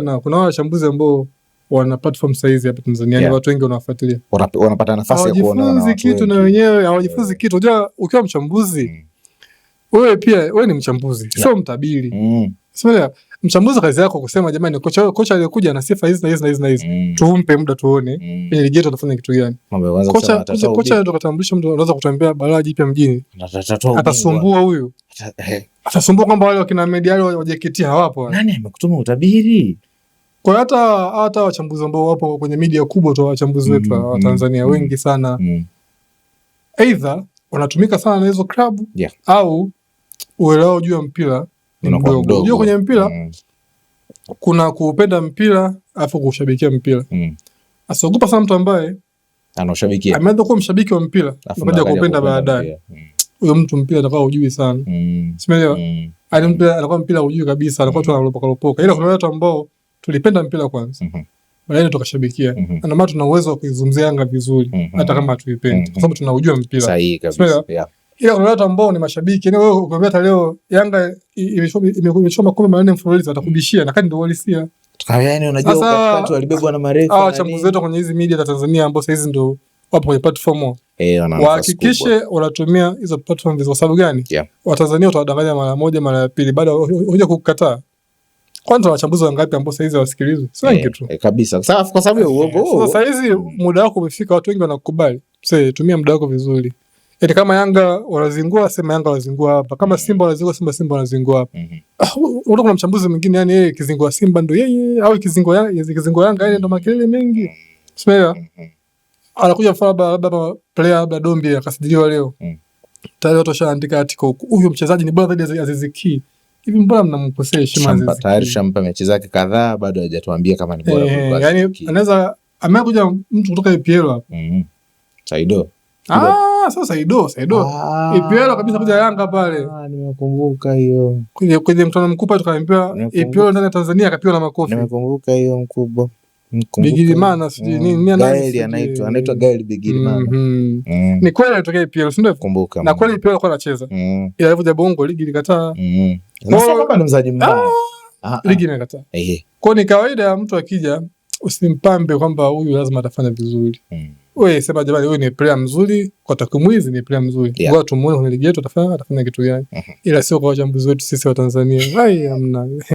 Na kuna wachambuzi ambao wana platform saizi hapa Tanzania yeah. Ni watu wengi wanawafuatilia, wanapata nafasi ya kuona, hawajifunzi kitu na wenyewe hawajifunzi kitu. Unajua, ukiwa mchambuzi mm. wewe pia wewe ni mchambuzi yeah. sio mtabiri mm. Sasa mchambuzi kazi yako kusema jamani, kocha kocha aliyokuja ana sifa hizi na hizi na hizi na hizi mm. tumpe muda tuone mm. kwenye ligi yetu anafanya kitu gani. Kocha kocha kocha ndio katambulisha mtu, anaweza kutembea balaa jipya mjini, atasumbua huyu, eh. atasumbua kwamba wale wakina Mediali wa JKT hawapo. Nani amekutuma utabiri? Kwa hata hata wachambuzi ambao wapo kwenye media kubwa tu, wachambuzi mm, wetu mm, wa Tanzania mm, wengi sana mm. Either wanatumika sana na hizo club yeah, au uelewa juu ya mpira ni mdogo. Juu kwenye mpira mm, kuna kuupenda mpira afu kushabikia mpira mm. Asiogopa sana mtu ambaye anaushabikia ameanza kuwa mshabiki wa mpira akaja kuupenda baadaye, mm. huyo mtu mpira atakuwa ujui sana, mm. simelewa simeelewa. Mm. Yaani anakuwa mpira hujui kabisa, anakuwa tu analopoka lopoka, ila kuna watu ambao tulipenda mpira kwanza mm -hmm. tukashabikia mm -hmm. na maana tuna uwezo wa kuizungumzia Yanga vizuri mm -hmm. hata kama hatuipendi mm -hmm. kwa sababu tunaujua mpira sahihi kabisa ila kuna watu ambao ni mashabiki yani wewe ukiambia hata leo Yanga imechoma kombe manane mfululizo atakubishia na kadi ndio walisia ah, yani unajua wakati walibebwa na marefa hao wachambuzi wetu kwenye hizi media za Tanzania ambao sasa hizi ndio wapo kwenye platform eh, wahakikishe wanatumia hizo platform kwa sababu gani? Watanzania utawadanganya mara moja mara ya pili, baada hoja kukataa kwanza wachambuzi wangapi ambao sahizi hawasikilizwi? Si wengi eh, tu eh, kabisa, kwa sababu ya uongo huo. Sasa muda wako umefika, watu wengi wanakukubali. Sasa tumia muda wako vizuri. Eti kama Yanga wanazingua, sema Yanga wanazingua hapa. Kama mm. Simba wanazingua, sema Simba wanazingua hapa. Mm-hmm. Ah, unaona kuna mchambuzi mwingine yani, yeye kizingua Simba ndo yeye au kizingua Yanga, kizingua Yanga ile ndo makelele mengi. Mm-hmm. Sema mm-hmm. anakuja mfano labda labda player labda Dombi akasajiliwa leo. Mm. Tayari watu washaandika article, huyo mchezaji ni bora zaidi ya Aziz Ki hivi mbona mnamkosea heshima Shampa? Tayari Shampa mechi zake kadhaa bado hajatuambia kama ni bora. Eh, yani anaweza amekuja mtu kutoka EPL hapo. Mhm. Saido. Ah, sasa Saido, Saido. Ah, EPL kabisa kuja Yanga pale. Ah, nimekumbuka hiyo. Kwenye kwenye mkutano mkubwa tukaambiwa EPL ndani ya Tanzania akapiwa na makofi. Nimekumbuka hiyo mkubwa. Bigirimana sijui anaitwa anaitwa Gael Bigirimana. Mhm. Mm. Ni kweli alitokea IPL, si ndio? Kumbuka. Na kweli IPL alikuwa anacheza. Mm. Ila Bongo ligi ilikataa. sasa mm. kama ni mzaji mbaya. Ah, ah, ah. Ligi Kwa ni kawaida ya mtu akija usimpambe kwamba huyu lazima atafanya vizuri. Wewe sema jamani, huyu ni player mzuri kwa takwimu hizi, ni player mzuri. Yeah. Ngoja tumuone kwenye ligi yetu atafanya atafanya kitu gani. Mm-hmm. Ila sio kwa wachambuzi wetu sisi wa Tanzania. Hai,